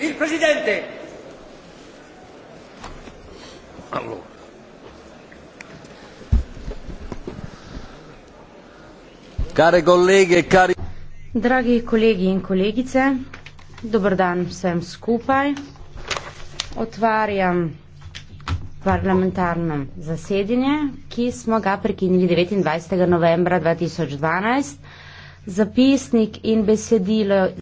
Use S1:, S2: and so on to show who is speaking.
S1: il Presidente.
S2: Allora.
S3: Care colleghe e cari...
S4: Dragi colleghi e colleghice, dobrodan vsem skupaj. Otvarjam parlamentarno zasedenje, ki smo ga prekinili 29. novembra 2012. Zapisnik in besedilo.